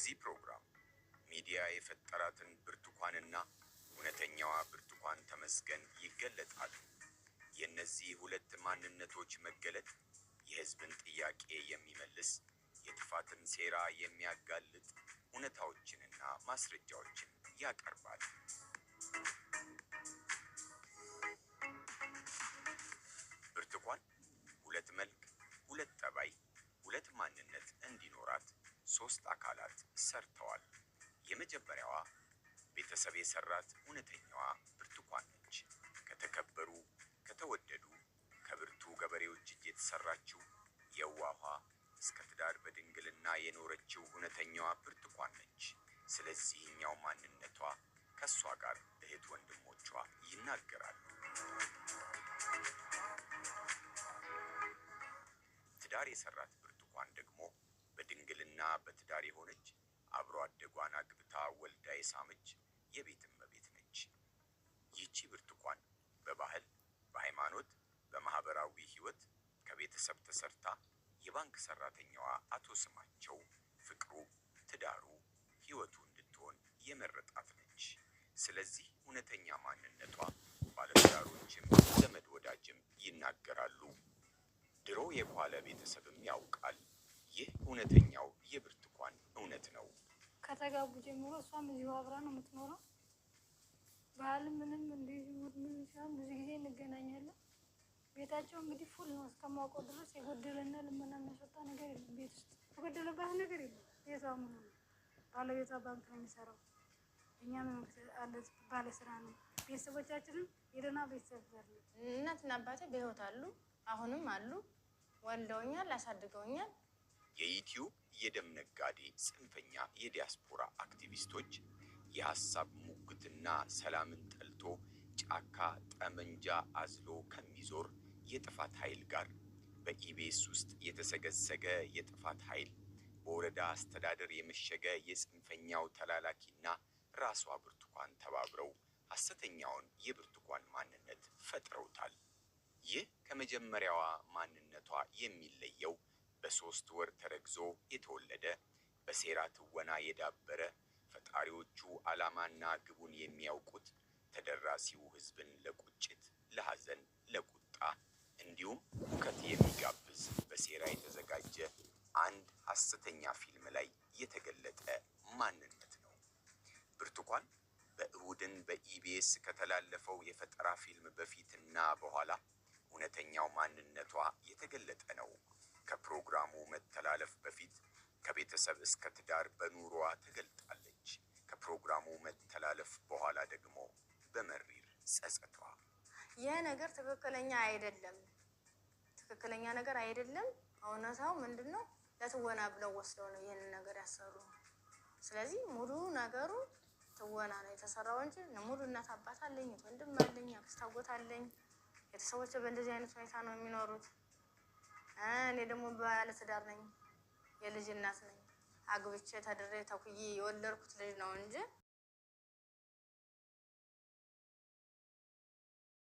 በዚህ ፕሮግራም ሚዲያ የፈጠራትን ብርቱካንና እውነተኛዋ ብርቱካን ተመስገን ይገለጣሉ። የእነዚህ ሁለት ማንነቶች መገለጥ የህዝብን ጥያቄ የሚመልስ የጥፋትን ሴራ የሚያጋልጥ እውነታዎችንና ማስረጃዎችን ያቀርባል። ብርቱካን ሁለት መልክ፣ ሁለት ጠባይ፣ ሁለት ማንነት እንዲኖራት ሶስት አካል ሰርተዋል። የመጀመሪያዋ ቤተሰብ የሰራት እውነተኛዋ ብርቱካን ነች። ከተከበሩ ከተወደዱ ከብርቱ ገበሬዎች እጅ የተሰራችው የዋኋ እስከ ትዳር በድንግልና የኖረችው እውነተኛዋ ብርቱካን ነች። ስለዚህኛው ማንነቷ ከእሷ ጋር እህት ወንድሞቿ ይናገራሉ። ትዳር የሰራት ብርቱካን ደግሞ በድንግልና በትዳር የሆነች አብሮ አደጓን አግብታ ወልዳ የሳመች የቤት እመቤት ነች። ይቺ ብርቱካን በባህል በሃይማኖት፣ በማህበራዊ ህይወት ከቤተሰብ ተሰርታ የባንክ ሰራተኛዋ አቶ ስማቸው ፍቅሩ፣ ትዳሩ፣ ህይወቱ እንድትሆን የመረጣት ነች። ስለዚህ እውነተኛ ማንነቷ ባለትዳሮችም ዘመድ ወዳጅም ይናገራሉ። ድሮ የኳለ ቤተሰብም ያውቃል። ይህ እውነተኛው የብርቱ እንኳን እውነት ነው። ከተጋቡ ጀምሮ እሷም እዚሁ አብራ ነው የምትኖረው። ባህል ምንም እንዲህ ምንም ሲሆን ብዙ ጊዜ እንገናኛለን። ቤታቸው እንግዲህ ፉል ነው እስከማውቀው ድረስ የጎደለና ልመና የሚያስወጣ ነገር የለም። ቤት ውስጥ የጎደለባት ነገር የለም። ቤቷ ምኑ ነው? ባለቤቷ ባንክ ነው የሚሰራው። አለ ባለስራ ነው። ቤተሰቦቻችንም የደህና ቤተሰብ ዘር ነው። እናትና አባቴ በህይወት አሉ፣ አሁንም አሉ። ወልደውኛል፣ አሳድገውኛል። ነጋዴ፣ ጽንፈኛ የዲያስፖራ አክቲቪስቶች የሀሳብ ሙግትና ሰላምን ጠልቶ ጫካ ጠመንጃ አዝሎ ከሚዞር የጥፋት ኃይል ጋር በኢቢኤስ ውስጥ የተሰገሰገ የጥፋት ኃይል በወረዳ አስተዳደር የመሸገ የጽንፈኛው ተላላኪና ራሷ ብርቱካን ተባብረው ሀሰተኛውን የብርቱካን ማንነት ፈጥረውታል። ይህ ከመጀመሪያዋ ማንነቷ የሚለየው በሶስት ወር ተረግዞ የተወለደ በሴራ ትወና የዳበረ ፈጣሪዎቹ ዓላማና ግቡን የሚያውቁት ተደራሲው ህዝብን ለቁጭት፣ ለሐዘን፣ ለቁጣ እንዲሁም ሁከት የሚጋብዝ በሴራ የተዘጋጀ አንድ ሐሰተኛ ፊልም ላይ የተገለጠ ማንነት ነው። ብርቱካን በእሁድን በኢቢኤስ ከተላለፈው የፈጠራ ፊልም በፊትና በኋላ እውነተኛው ማንነቷ የተገለጠ ነው። ከፕሮግራሙ መተላለፍ በፊት ከቤተሰብ እስከ ትዳር በኑሮዋ ተገልጣለች። ከፕሮግራሙ መተላለፍ በኋላ ደግሞ በመሪር ጸጸቷ ይህ ነገር ትክክለኛ አይደለም፣ ትክክለኛ ነገር አይደለም። እውነታው ምንድን ነው? ለትወና ብለው ወስደው ነው ይህንን ነገር ያሰሩ። ስለዚህ ሙሉ ነገሩ ትወና ነው የተሰራው እንጂ ሙሉ እናት አባት አለኝ፣ ወንድም አለኝ፣ አክስት አጎት አለኝ። ቤተሰቦች በእንደዚህ አይነት ሁኔታ ነው የሚኖሩት። እኔ ደግሞ ባለትዳር ነኝ፣ የልጅ እናት ነኝ። አግብቼ ተድሬ ተኩዬ የወለድኩት ልጅ ነው እንጂ